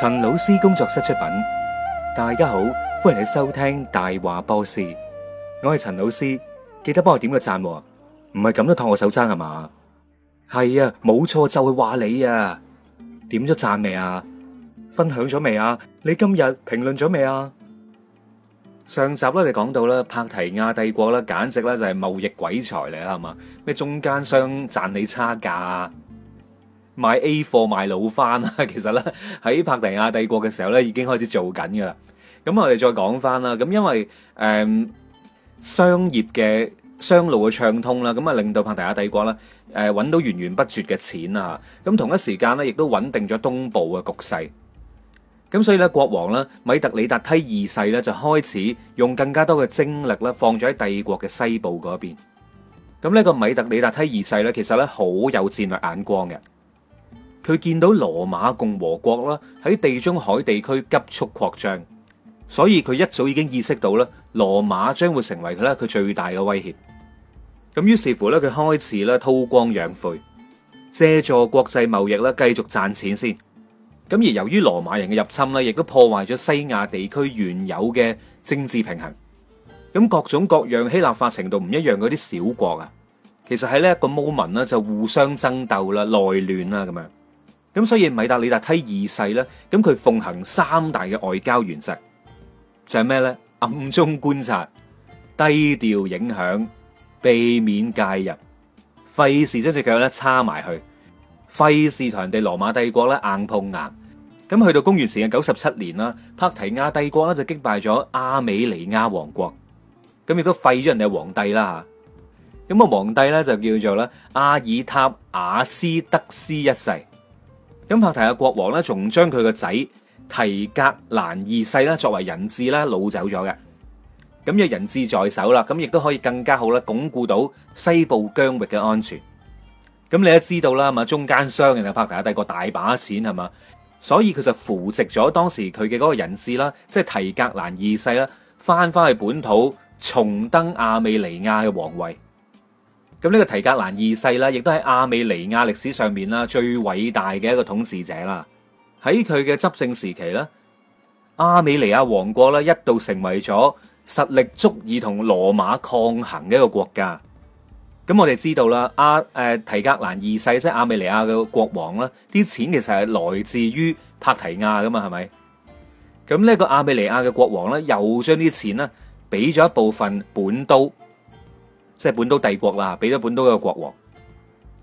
陳老師工作室出品，大家好，歡迎你收聽大話波斯。我係陳老師，記得幫我點個讚啊，唔係咁都托我手踭係嘛？係啊，冇錯就會話你啊，點咗讚未啊？分享咗未啊？你今日評論咗未啊？上集咧，我哋講到啦，帕提亞帝國啦，簡直咧就係貿易鬼才嚟啊嘛，咩中間商賺你差價。買 A 貨買老翻啦。其實咧，喺帕提亞帝國嘅時候咧，已經開始做緊噶啦。咁我哋再講翻啦。咁因為誒、嗯、商業嘅商路嘅暢通啦，咁啊令到帕提亞帝國咧誒，揾到源源不絕嘅錢啊。咁同一時間咧，亦都穩定咗東部嘅局勢。咁所以咧，國王咧米特里達梯二世咧就開始用更加多嘅精力咧放咗喺帝國嘅西部嗰邊。咁呢個米特里達梯二世咧，其實咧好有戰略眼光嘅。佢見到羅馬共和國啦喺地中海地區急速擴張，所以佢一早已經意識到咧，羅馬將會成為佢咧佢最大嘅威脅。咁於是乎咧，佢開始咧韜光養晦，借助國際貿易咧繼續賺錢先。咁而由於羅馬人嘅入侵咧，亦都破壞咗西亞地區原有嘅政治平衡。咁各種各樣希臘化程度唔一樣嗰啲小國啊，其實喺呢一個 moment 啦，就互相爭鬥啦、內亂啦咁樣。咁所以，米達里達梯二世咧，咁佢奉行三大嘅外交原則，就係咩咧？暗中觀察，低調影響，避免介入，費事將隻腳咧叉埋去，費事同人哋羅馬帝國咧硬碰硬。咁去到公元前嘅九十七年啦，帕提亞帝國咧就擊敗咗阿美尼亞王國，咁亦都廢咗人哋嘅皇帝啦。咁啊，皇帝咧就叫做咧阿爾塔亞斯德斯一世。咁帕提亞國王咧，仲將佢個仔提格蘭二世咧作為人質啦擄走咗嘅，咁有人質在手啦，咁亦都可以更加好啦鞏固到西部疆域嘅安全。咁你都知道啦，嘛中間商嘅啊，帕提亞帝國大把錢係嘛，所以佢就扶植咗當時佢嘅嗰個人質啦，即係提格蘭二世啦，翻翻去本土重登亞美尼亞嘅皇位。咁呢個提格蘭二世啦，亦都係亞美尼亞歷史上面啦最偉大嘅一個統治者啦。喺佢嘅執政時期咧，亞美尼亞王國咧一度成為咗實力足以同羅馬抗衡嘅一個國家。咁我哋知道啦，阿誒提格蘭二世即係亞美尼亞嘅國王啦，啲錢其實係來自於帕提亞噶嘛，係咪？咁呢個亞美尼亞嘅國王咧，又將啲錢咧俾咗一部分本都。即係本都帝國啦，俾咗本都嘅國王。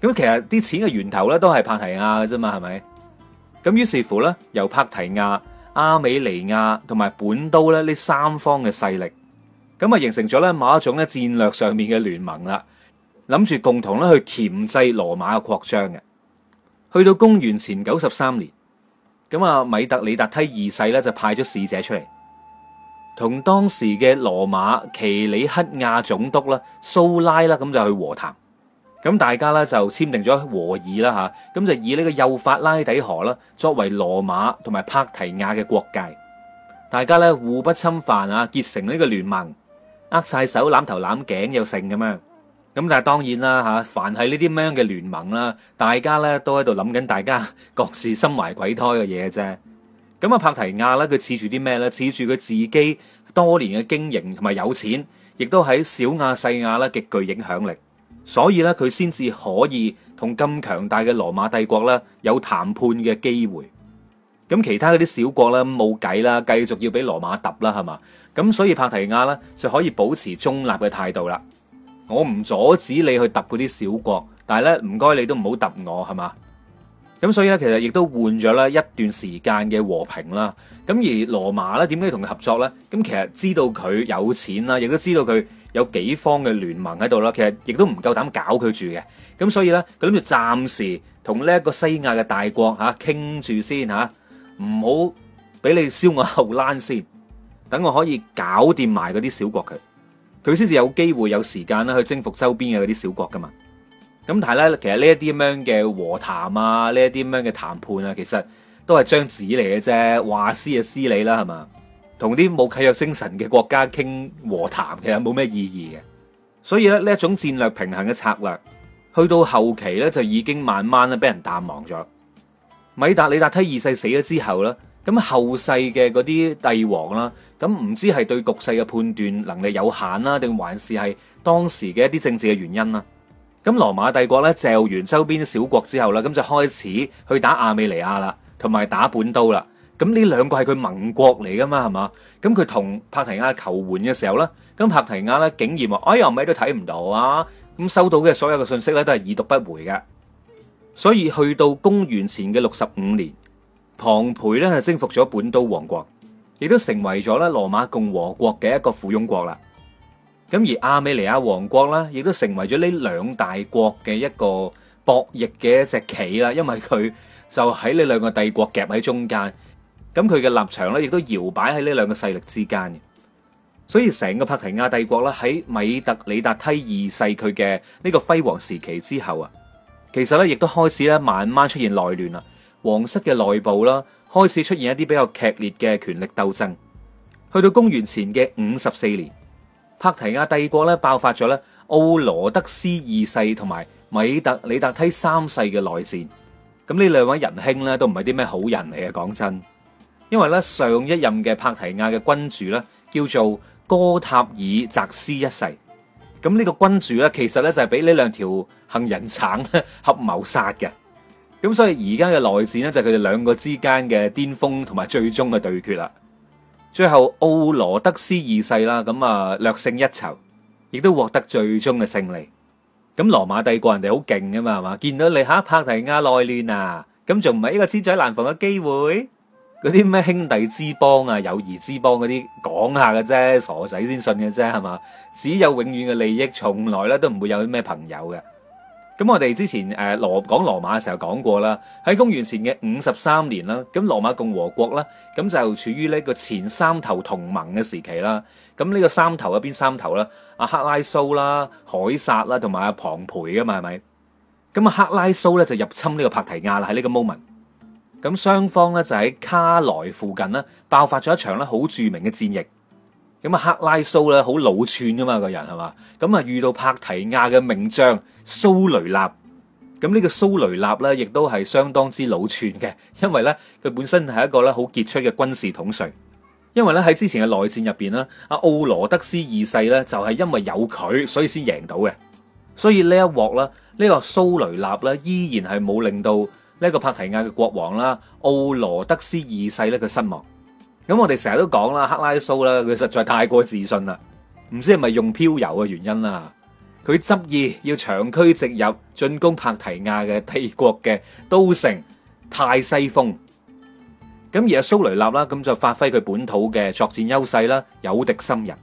咁其實啲錢嘅源頭咧都係帕提亞嘅啫嘛，係咪？咁於是乎咧，由帕提亞、阿美尼亞同埋本都咧呢三方嘅勢力，咁啊形成咗咧某一種咧戰略上面嘅聯盟啦，諗住共同咧去鉗制羅馬嘅擴張嘅。去到公元前九十三年，咁啊，米特里達梯二世咧就派咗使者出嚟。同當時嘅羅馬奇里克亞總督啦，蘇拉啦，咁就去和談。咁大家咧就簽訂咗和議啦，嚇。咁就以呢個幼發拉底河啦作為羅馬同埋帕提亞嘅國界，大家咧互不侵犯啊，結成呢個聯盟，握晒手攬頭攬頸又成咁樣。咁但係當然啦，嚇，凡係呢啲咁樣嘅聯盟啦，大家咧都喺度諗緊大家各自心懷鬼胎嘅嘢啫。咁啊，帕提亞咧，佢恃住啲咩咧？恃住佢自己多年嘅經營同埋有錢，亦都喺小亞細亞咧極具影響力，所以咧佢先至可以同咁強大嘅羅馬帝國咧有談判嘅機會。咁其他嗰啲小國咧冇計啦，繼續要俾羅馬揼啦，係嘛？咁所以帕提亞咧就可以保持中立嘅態度啦。我唔阻止你去揼嗰啲小國，但係咧唔該你都唔好揼我，係嘛？咁所以咧，其實亦都換咗咧一段時間嘅和平啦。咁而羅馬咧，點解同佢合作咧？咁其實知道佢有錢啦，亦都知道佢有幾方嘅聯盟喺度啦。其實亦都唔夠膽搞佢住嘅。咁所以咧，佢諗住暫時同呢一個西亞嘅大國嚇傾住先嚇，唔好俾你燒我後欄先，等我可以搞掂埋嗰啲小國佢，佢先至有機會有時間咧去征服周邊嘅嗰啲小國㗎嘛。咁但係咧，其實呢一啲咁樣嘅和談啊，呢一啲咁樣嘅談判啊，其實都係張紙嚟嘅啫，話撕就撕你啦，係嘛？同啲冇契約精神嘅國家傾和談，其實冇咩意義嘅。所以咧，呢一種戰略平衡嘅策略，去到後期咧就已經慢慢咧俾人淡忘咗。米達里達梯二世死咗之後咧，咁後世嘅嗰啲帝王啦，咁唔知係對局勢嘅判斷能力有限啦，定還是係當時嘅一啲政治嘅原因啦？咁羅馬帝國咧，就完周邊小國之後啦，咁就開始去打亞美尼亞啦，同埋打本都啦。咁呢兩個係佢盟國嚟噶嘛，係嘛？咁佢同帕提亞求援嘅時候咧，咁帕提亞咧竟然話：哎呀，咪都睇唔到啊！咁收到嘅所有嘅信息咧，都係已讀不回嘅。所以去到公元前嘅六十五年，龐培咧係征服咗本都王國，亦都成為咗咧羅馬共和國嘅一個附庸國啦。咁而阿美尼亞王國啦，亦都成為咗呢兩大國嘅一個博弈嘅一隻棋啦，因為佢就喺呢兩個帝國夾喺中間，咁佢嘅立場咧，亦都搖擺喺呢兩個勢力之間。所以成個帕提亞帝國咧，喺米特里達梯二世佢嘅呢個輝煌時期之後啊，其實咧亦都開始咧慢慢出現內亂啦，皇室嘅內部啦，開始出現一啲比較劇烈嘅權力鬥爭。去到公元前嘅五十四年。帕提亞帝國咧爆發咗咧奧羅德斯二世同埋米特里達梯三世嘅內戰，咁呢兩位仁兄咧都唔係啲咩好人嚟嘅，講真，因為咧上一任嘅帕提亞嘅君主咧叫做哥塔爾澤斯一世，咁、這、呢個君主咧其實咧就係俾呢兩條行人鏟合謀殺嘅，咁所以而家嘅內戰咧就係佢哋兩個之間嘅巔峰同埋最終嘅對決啦。最後奧羅德斯二世啦，咁啊略勝一籌，亦都獲得最終嘅勝利。咁羅馬帝國人哋好勁噶嘛，係嘛？見到你吓帕提亞內亂啊，咁仲唔係一個千載難逢嘅機會。嗰啲咩兄弟之邦啊，友誼之邦嗰啲講下嘅啫，傻仔先信嘅啫，係嘛？只有永遠嘅利益，從來咧都唔會有啲咩朋友嘅。咁我哋之前誒羅、呃、講羅馬嘅時候講過啦，喺公元前嘅五十三年啦，咁羅馬共和國啦，咁就處於呢個前三頭同盟嘅時期啦。咁呢個三頭啊邊三頭啦？阿克拉蘇啦、凱撒啦，同埋阿龐培㗎嘛，係咪？咁阿克拉蘇咧就入侵呢個帕提亞啦，喺呢個 moment。咁雙方咧就喺卡萊附近啦，爆發咗一場咧好著名嘅戰役。咁啊，克拉蘇咧好老串㗎嘛，個人係嘛？咁啊，遇到帕提亞嘅名將蘇雷納，咁呢個蘇雷納咧，亦都係相當之老串嘅，因為咧佢本身係一個咧好傑出嘅軍事統帥。因為咧喺之前嘅內戰入邊啦，阿奧羅德斯二世咧就係因為有佢，所以先贏到嘅。所以呢一鑊啦，呢個蘇雷納咧依然係冇令到呢一個帕提亞嘅國王啦，奧羅德斯二世咧佢失望。咁我哋成日都講啦，克拉蘇啦，佢實在太過自信啦，唔知係咪用飄柔嘅原因啦。佢執意要長驅直入進攻帕提亞嘅帝國嘅都城泰西封。咁而家蘇雷納啦，咁就發揮佢本土嘅作戰優勢啦，有敵心人。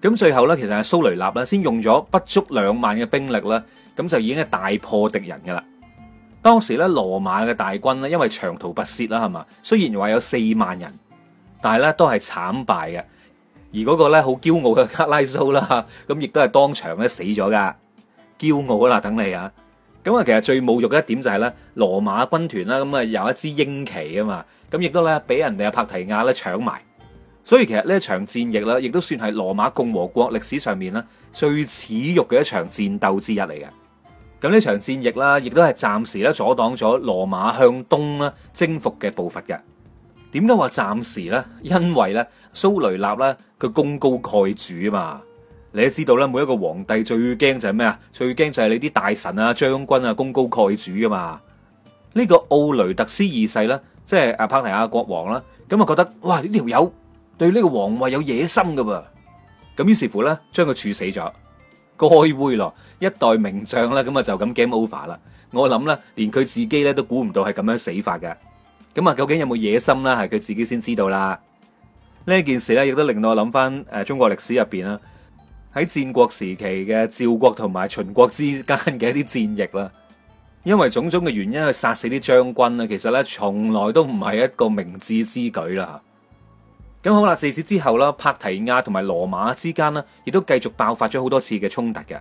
咁最後咧，其實係蘇雷納啦，先用咗不足兩萬嘅兵力啦，咁就已經係大破敵人噶啦。當時咧，羅馬嘅大軍咧，因為長途跋涉啦，係嘛，雖然話有四萬人。但係咧都係慘敗嘅，而嗰個咧好驕傲嘅克拉蘇啦，咁亦都係當場咧死咗噶驕傲啦等你啊！咁啊，其實最侮辱嘅一點就係、是、咧，羅馬軍團啦，咁啊有一支鷹旗啊嘛，咁亦都咧俾人哋阿帕提亞咧搶埋，所以其實呢一場戰役咧，亦都算係羅馬共和國歷史上面咧最恥辱嘅一場戰鬥之一嚟嘅。咁呢場戰役啦，亦都係暫時咧阻擋咗羅馬向東咧征服嘅步伐嘅。點解話暫時咧？因為咧，蘇雷納咧，佢功高蓋主啊嘛！你都知道咧，每一個皇帝最驚就係咩啊？最驚就係你啲大臣啊、將軍啊，功高蓋主啊嘛！呢個奧雷特斯二世咧，即係阿帕提亞國王啦，咁啊覺得哇，呢條友對呢個皇位有野心噶噃，咁於是乎咧，將佢處死咗，開灰咯，一代名將咧，咁啊就咁 game over 啦！我諗咧，連佢自己咧都估唔到係咁樣死法嘅。咁啊，究竟有冇野心啦？係佢自己先知道啦。呢一件事咧，亦都令到我諗翻誒，中國歷史入邊啦，喺戰國時期嘅趙國同埋秦國之間嘅一啲戰役啦，因為種種嘅原因去殺死啲將軍啊，其實咧從來都唔係一個明智之舉啦。咁好啦，自此之後啦，帕提亞同埋羅馬之間呢，亦都繼續爆發咗好多次嘅衝突嘅。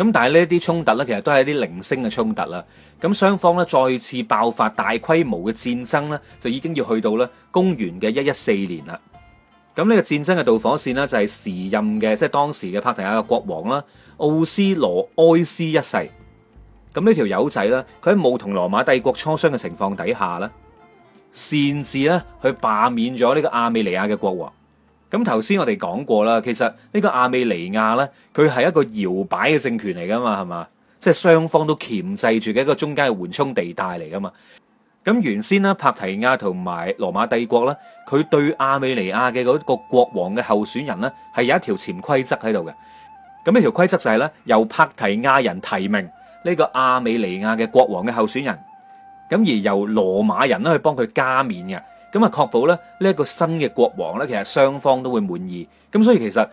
咁但係呢啲衝突呢，其實都係一啲零星嘅衝突啦。咁雙方呢，再次爆發大規模嘅戰爭呢，就已經要去到呢公元嘅一一四年啦。咁、這、呢個戰爭嘅導火線呢，就係時任嘅即係當時嘅帕提亞嘅國王啦，奧斯羅埃斯一世。咁呢條友仔呢，佢喺冇同羅馬帝國磋商嘅情況底下呢，擅自呢去罷免咗呢個亞美尼亞嘅國王。咁頭先我哋講過啦，其實呢個亞美尼亞呢，佢係一個搖擺嘅政權嚟噶嘛，係嘛？即係雙方都鉗制住嘅一個中間嘅緩衝地帶嚟噶嘛。咁原先呢，帕提亞同埋羅馬帝國呢，佢對亞美尼亞嘅嗰個國王嘅候選人呢，係有一條潛規則喺度嘅。咁呢條規則就係呢，由帕提亞人提名呢個亞美尼亞嘅國王嘅候選人，咁、這個、而由羅馬人呢去幫佢加冕嘅。咁啊，確保咧呢一個新嘅國王咧，其實雙方都會滿意。咁所以其實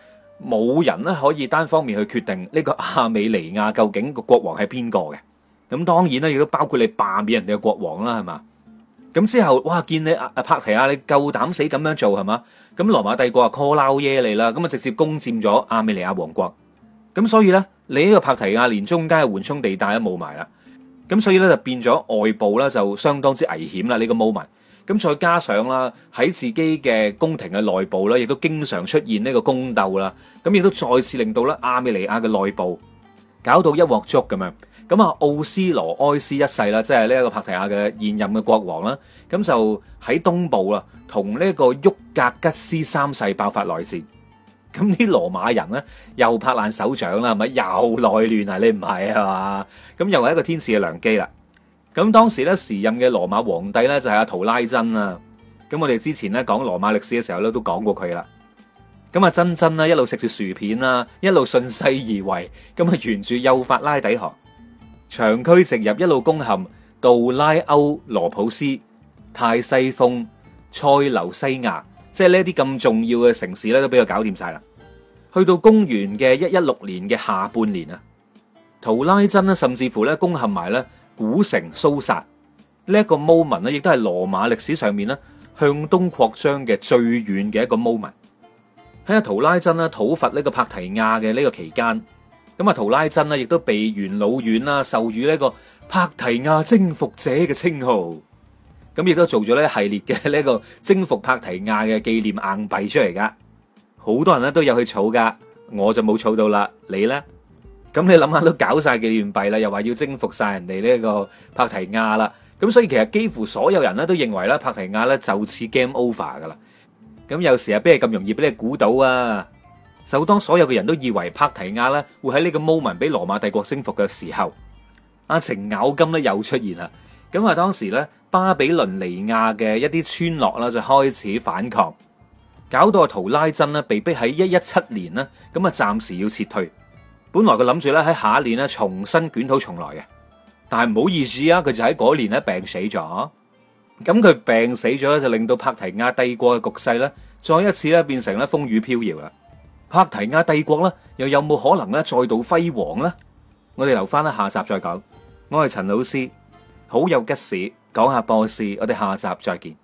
冇人咧可以單方面去決定呢個亞美尼亞究竟個國王係邊個嘅。咁當然啦，亦都包括你罷免人哋嘅國王啦，係嘛？咁之後哇，見你阿啊帕提亞，你夠膽死咁樣做係嘛？咁羅馬帝國啊，call out you 你啦，咁啊直接攻佔咗亞美尼亞王國。咁所以咧，你、這、呢個帕提亞連中間嘅緩衝地帶都冇埋啦。咁所以咧就變咗外部咧就相當之危險啦。呢、這個 moment。咁再加上啦，喺自己嘅宮廷嘅內部啦，亦都經常出現呢個宮鬥啦。咁亦都再次令到咧亞美尼亞嘅內部搞到一鑊粥咁樣。咁啊，奧斯羅埃斯一世啦，即係呢一個帕提亞嘅現任嘅國王啦。咁就喺東部啦，同呢一個沃格吉斯三世爆發內戰。咁啲羅馬人咧又拍爛手掌啦，係咪又內亂啊？你唔係啊嘛？咁又係一個天賜嘅良機啦。咁當時咧，時任嘅羅馬皇帝咧就係阿圖拉真啊。咁我哋之前咧講羅馬歷史嘅時候咧，都講過佢啦。咁啊，真真咧一路食住薯片啦，一路順勢而為，咁啊沿住幼發拉底河長驅直入，一路攻陷杜拉歐、羅普斯、泰西風、塞琉西亞，即係呢啲咁重要嘅城市咧，都俾我搞掂晒。啦去到公元嘅一一六年嘅下半年啊，圖拉真呢，甚至乎咧攻陷埋咧。古城蘇薩呢一個 moment 咧，亦都係羅馬歷史上面咧向東擴張嘅最遠嘅一個 moment。喺阿圖拉真啦討伐呢個帕提亞嘅呢個期間，咁啊圖拉真咧亦都被元老院啦授予呢個帕提亞征服者嘅稱號，咁亦都做咗一系列嘅呢個征服帕提亞嘅紀念硬幣出嚟噶，好多人咧都有去儲噶，我就冇儲到啦，你咧？咁你諗下都搞晒紀念幣啦，又話要征服晒人哋呢個帕提亞啦，咁所以其實幾乎所有人咧都認為咧帕提亞咧就似 game over 噶啦。咁有時啊，邊係咁容易俾你估到啊？就當所有嘅人都以為帕提亞咧會喺呢個 moment 俾羅馬帝國征服嘅時候，阿程咬金咧又出現啦。咁啊，當時咧巴比倫尼亞嘅一啲村落啦就開始反抗，搞到阿圖拉真呢被逼喺一一七年咧咁啊暫時要撤退。本來佢諗住咧喺下一年咧重新捲土重來嘅，但係唔好意思啊，佢就喺嗰年咧病死咗。咁佢病死咗就令到帕提亞帝國嘅局勢咧，再一次咧變成咧風雨飄搖啦。帕提亞帝國咧又有冇可能咧再度輝煌咧？我哋留翻咧下集再講。我係陳老師，好有吉事講下波斯，講講我哋下集再見。